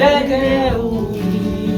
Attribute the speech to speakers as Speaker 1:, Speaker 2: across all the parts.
Speaker 1: Pega é o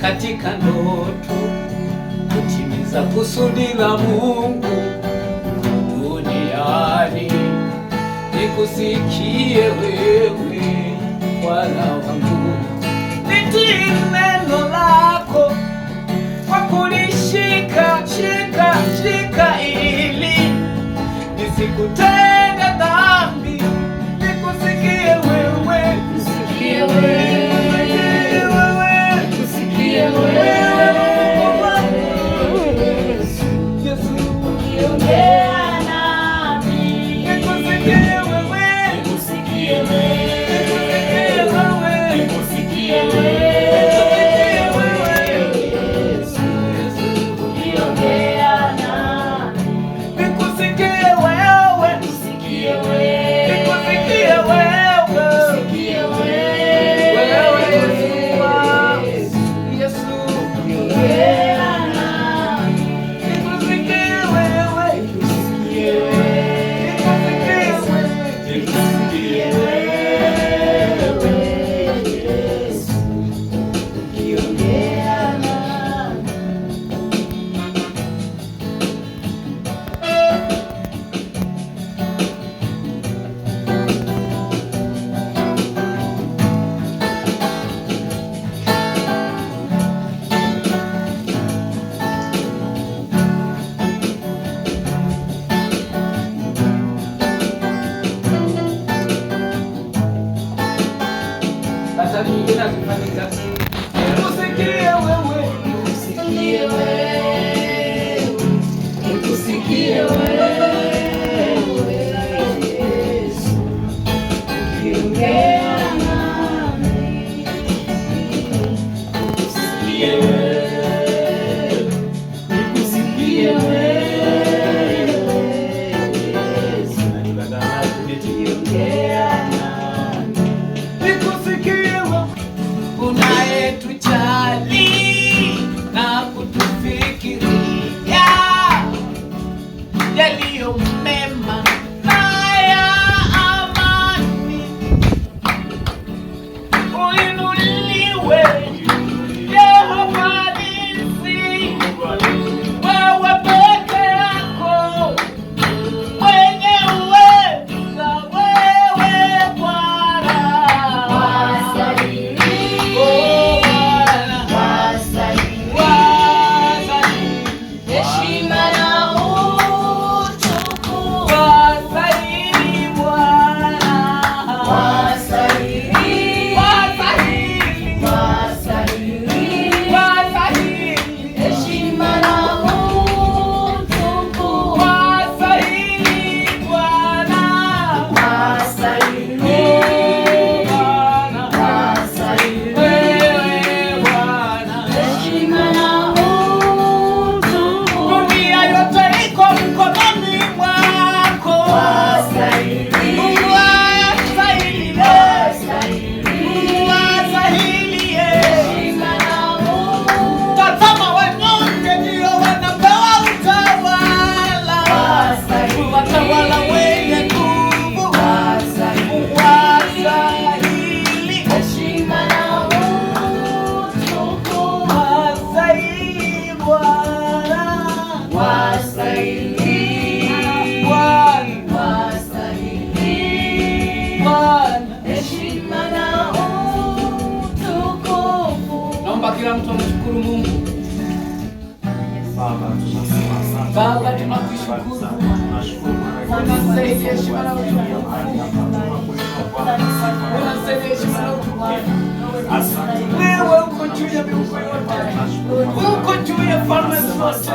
Speaker 1: Katika ndoto kutimiza kusudi la Mungu duniani, nikusikie wewe wala nikutende dhambi, nikusikie wewe, nisikie wewe you. heshima Wewe uko juu ya miungu yote, uko juu ya falme zote,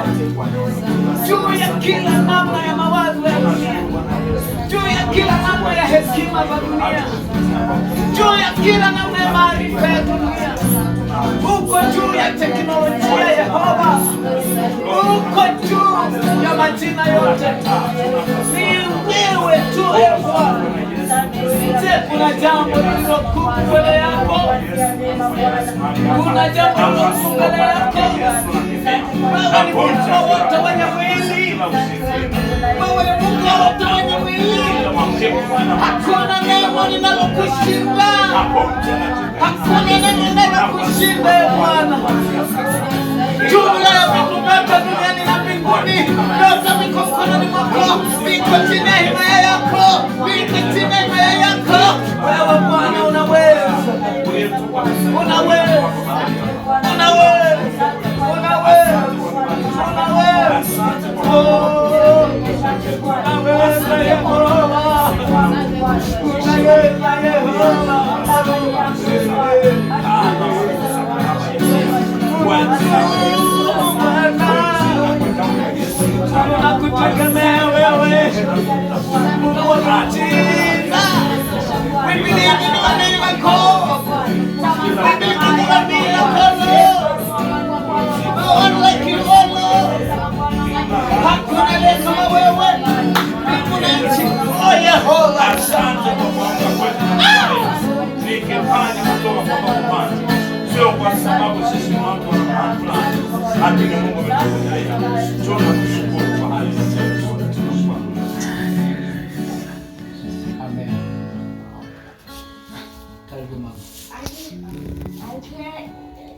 Speaker 1: juu ya kila namna ya mawazo ya dunia, juu ya kila namna ya hekima za dunia, juu ya kila namna ya maarifa ya dunia, uko juu ya teknolojia Yehova, uko juu ya majina yote wewe tu e Bwana. Je, kuna jambo lililo kuu mbele yako? Kuna jambo lililo kuu mbele yako? Wewe ni Mungu wa wote wenye mwili, wewe ni Mungu wa wote wenye mwili. Hakuna neno linalokushinda, hakuna neno linalokushinda e Bwana. jumla ya kukata duniani na mbinguni, naza mikononi mwako, iko chini ya yako, iko chini ya yako. Wewe Bwana unaweza, unaweza, unaweza kwa sababu sisi ni watu wa Haki Mungu Tunakushukuru kwa hali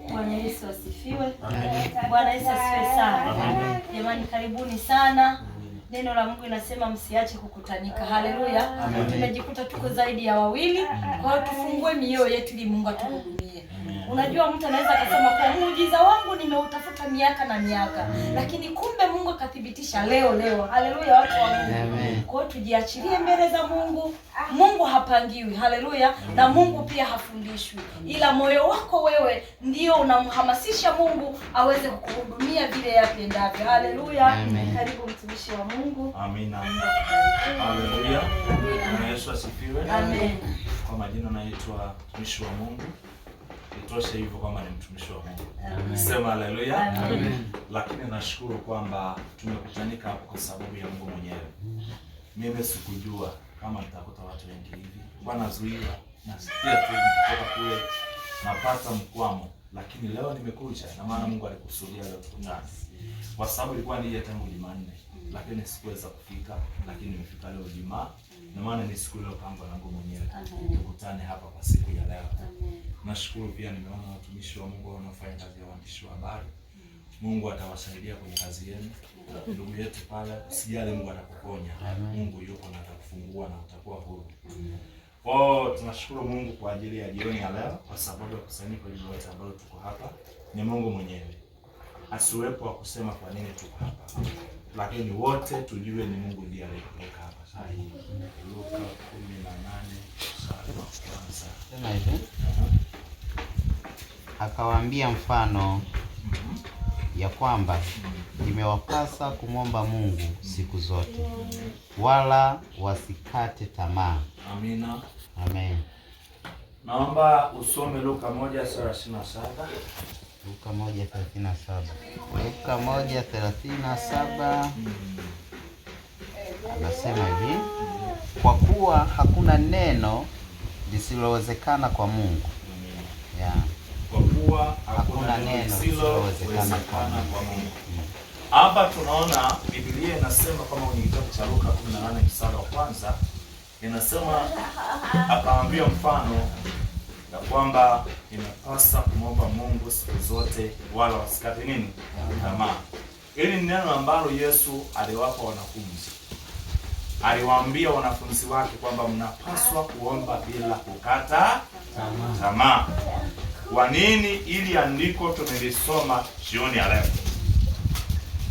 Speaker 1: Bwana Yesu asifiwe. Bwana Yesu asifiwe sana. Jamani, karibuni sana. Neno la Mungu inasema msiache kukutanika. Haleluya! Tumejikuta tuko zaidi ya wawili, kwa hiyo tufungue mioyo yetu ili Mungu atuhudumie. Unajua, mtu anaweza akasema kwa muujiza wangu nimeutafuta miaka na miaka, lakini kumbe Mungu akathibitisha leo leo. Haleluya, watu wa Mungu. Kwa hiyo tujiachilie mbele za Mungu. Mungu hapangiwi, haleluya, na Mungu pia hafundishwi, ila moyo wako wewe ndio unamhamasisha Mungu aweze kukuhudumia vile yapendavyo. Haleluya, karibu mtumishi wa Mungu. Amina, haleluya. Yesu asifiwe. Amen. Kwa majina naitwa mtumishi wa Mungu itoshe hivyo kwamba ni mtumishi wa Mungu, sema haleluya. Lakini nashukuru kwamba tumekutanika hapo kwa sababu ya Mungu mwenyewe. Mimi sikujua kama nitakuta watu wengi hivi. Bwana zuia, sikia tu kutoka kule napata mkwamo, lakini leo nimekuja na maana Mungu alikusudia leo tukutane, kwa sababu ilikuwa ni tangu Jumanne lakini sikuweza kufika, lakini nimefika leo Jumaa, na maana ni siku leo pango langu mwenyewe tukutane hapa kwa siku ya leo. Nashukuru pia nimeona watumishi wa Mungu wanaofanya kazi ya waandishi wa habari Mungu atawasaidia kwenye kazi yenu. Ndugu yetu pale, usijali, Mungu atakuponya. Mungu yuko na atakufungua na utakuwa huru. Kwao tunashukuru Mungu kwa ajili ya jioni ya leo, kwa sababu ya kusanyiko hili lote ambalo tuko hapa ni Mungu mwenyewe. Asiwepo wa kusema kwa nini tuko hapa lakini wote tujue ni Mungu ndiye aliyekuweka hapa Luka kumi na nane kwanza tena hivi akawaambia mfano ya kwamba imewapasa kumwomba Mungu siku zote, wala wasikate tamaa. Amina, amen. Naomba usome Luka moja thelathini na saba. Luka moja thelathini na saba Luka moja thelathini na saba anasema hivi, kwa kuwa hakuna neno lisilowezekana kwa Mungu. Ya. Kwa kuwa hakuna neno lisilowezekana kwa Mungu. Hapa tunaona Biblia inasema kama kwenye kitabu cha Luka 18 mstari wa kwanza inasema, akaambia mfano na kwamba inapasa kumwomba Mungu siku zote wala wasikate nini tamaa. Hili ni neno ambalo Yesu aliwapa wanafunzi, aliwaambia wanafunzi wake kwamba mnapaswa kuomba bila kukata tamaa. Kwa nini? Ili andiko tumelisoma jioni ya leo,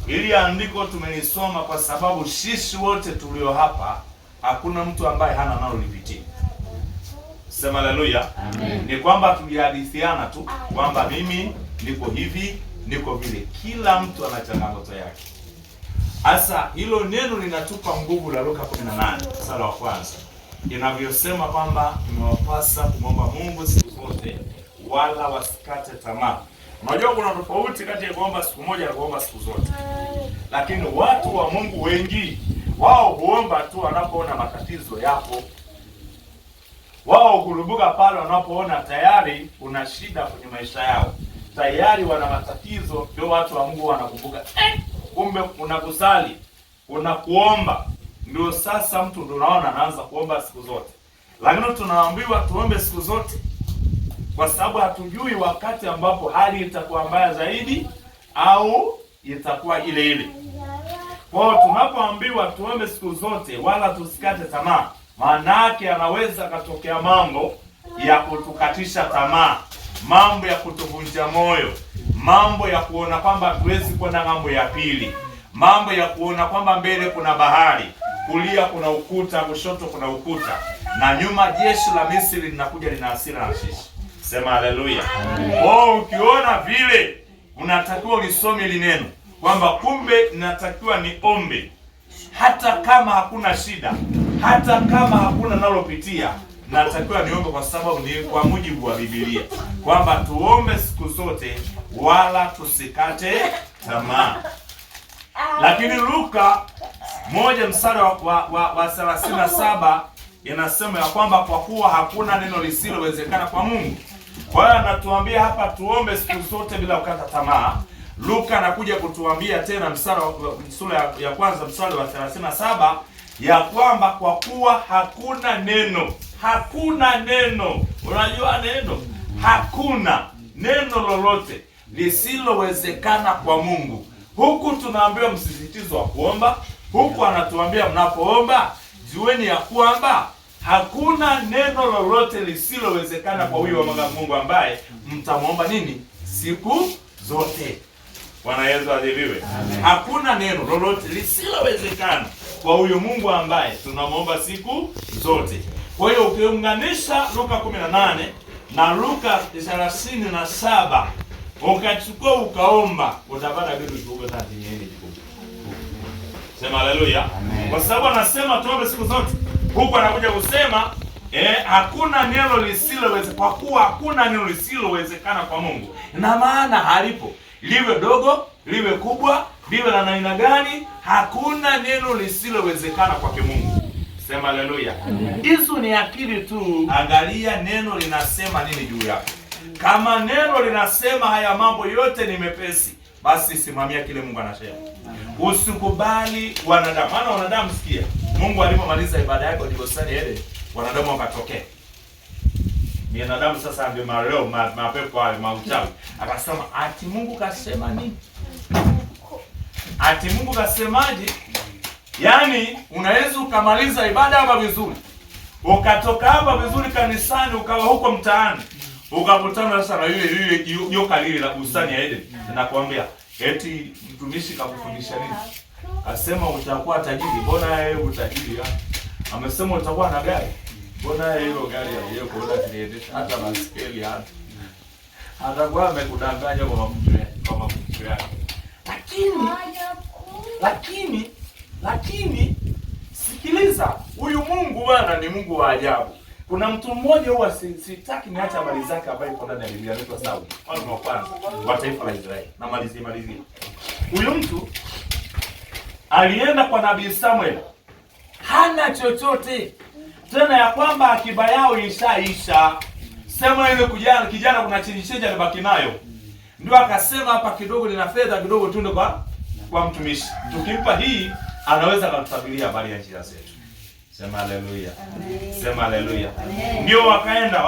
Speaker 1: ili andiko tumelisoma kwa sababu sisi wote tulio hapa, hakuna mtu ambaye hana nalo lipitia Sema haleluya. Ni kwamba tujihadithiana tu kwamba mimi niko hivi, niko vile. Kila mtu ana changamoto yake. Sasa hilo neno linatupa nguvu la Luka 18 sura ya kwanza inavyosema kwamba imewapasa kumwomba Mungu siku zote, wala wasikate tamaa. Unajua kuna tofauti kati ya kuomba siku moja na kuomba siku zote, lakini watu wa Mungu wengi wao huomba tu wanapoona matatizo yapo. Wao kurubuka pale wanapoona tayari una shida kwenye maisha yao, tayari wana matatizo. Ndio watu wa Mungu wanakumbuka, eh, kumbe unakusali unakuomba. Ndio sasa mtu ndio unaona anaanza kuomba siku zote, lakini tunaambiwa tuombe siku zote kwa sababu hatujui wakati ambapo hali itakuwa mbaya zaidi au itakuwa ile ile. Kwa hiyo tunapoambiwa tuombe siku zote, wala tusikate tamaa Maanake anaweza akatokea mambo ya kutukatisha tamaa, mambo ya kutuvunja moyo, mambo ya kuona kwamba hatuwezi kwenda ng'ambo ya pili, mambo ya kuona kwamba mbele kuna bahari, kulia kuna ukuta, kushoto kuna ukuta, na nyuma jeshi la Misri linakuja lina hasira na shishi. Sema haleluya! Oh, ukiona vile unatakiwa ulisome lineno neno kwamba kumbe inatakiwa niombe hata kama hakuna shida hata kama hakuna nalopitia natakiwa niombe, kwa sababu ni kwa mujibu wa Biblia kwamba tuombe siku zote wala tusikate tamaa. Lakini Luka moja mstari wa, wa, wa saba inasema ya kwamba kwa kuwa hakuna neno lisilowezekana kwa Mungu. Kwa hiyo anatuambia hapa tuombe siku zote bila kukata tamaa. Luka anakuja kutuambia tena mstari sura ya, ya kwanza mstari wa 37 ya kwamba kwa kuwa hakuna neno, hakuna neno, unajua neno, hakuna neno lolote lisilowezekana kwa Mungu. Huku tunaambiwa msisitizo wa kuomba, huku anatuambia mnapoomba jueni ya kwamba hakuna neno lolote lisilowezekana kwa huyo wa Mungu ambaye mtamwomba nini siku zote. Bwana Yesu adhiliwe. Hakuna neno lolote lisilowezekana kwa huyo Mungu ambaye tunamwomba siku zote. Kwa hiyo ukiunganisha Luka 18 na Luka 37 ukachukua ukaomba, utapata kitu kikubwa sana Sema haleluya, kwa sababu anasema tuombe siku zote, huku anakuja kusema eh, hakuna neno lisilowezekana, kwa kuwa hakuna neno lisilowezekana kwa Mungu, na maana halipo, liwe dogo liwe kubwa liwe la namna gani, hakuna neno lisilowezekana kwake Mungu. Sema haleluya. Hizo ni akili tu. Angalia neno linasema nini juu yako. Kama neno linasema haya mambo yote ni mepesi, basi simamia kile Mungu anasema. Usikubali wanadamu, maana wanadamu, sikia, Mungu alipomaliza ibada yake kwenye bustani ile, wanadamu wakatokea binadamu sasa ndio mareo mapepo hayo mauchawi, akasema ati Mungu kasema nini? Ati Mungu kasemaje? Yaani unaweza ukamaliza ibada hapa vizuri, ukatoka hapa vizuri kanisani, ukawa huko mtaani, ukakutana sasa na yule yule joka lile la bustani ya Eden, nakwambia eti mtumishi kakufundisha nini? Asema utakuwa tajiri, mbona yeye utajiri ya? Amesema utakuwa na gari, mbona yeye hilo gari yeye kuona kuniendesha hata basikeli hata. Atakuwa amekudanganya kwa mtu yake, kwa mtu yake lakini lakini lakini, sikiliza, huyu Mungu bwana ni Mungu wa ajabu. Kuna mtu mmoja huwa sitaki niache habari zake, ambaye iko ndani ya Biblia, anaitwa Sauli, mfalme wa kwanza wa taifa la Israeli. Na malizie malizie, huyu mtu alienda kwa nabii Samuel, hana chochote tena, ya kwamba akiba yao ishaisha. Samuel ile kijana, kijana kuna chenji alibaki nayo ndio akasema hapa kidogo nina fedha kidogo tunde kwa kwa mtumishi. Tukimpa hii anaweza kutufadhilia habari ya njia zetu. Sema haleluya. Sema haleluya. Ndio wakaenda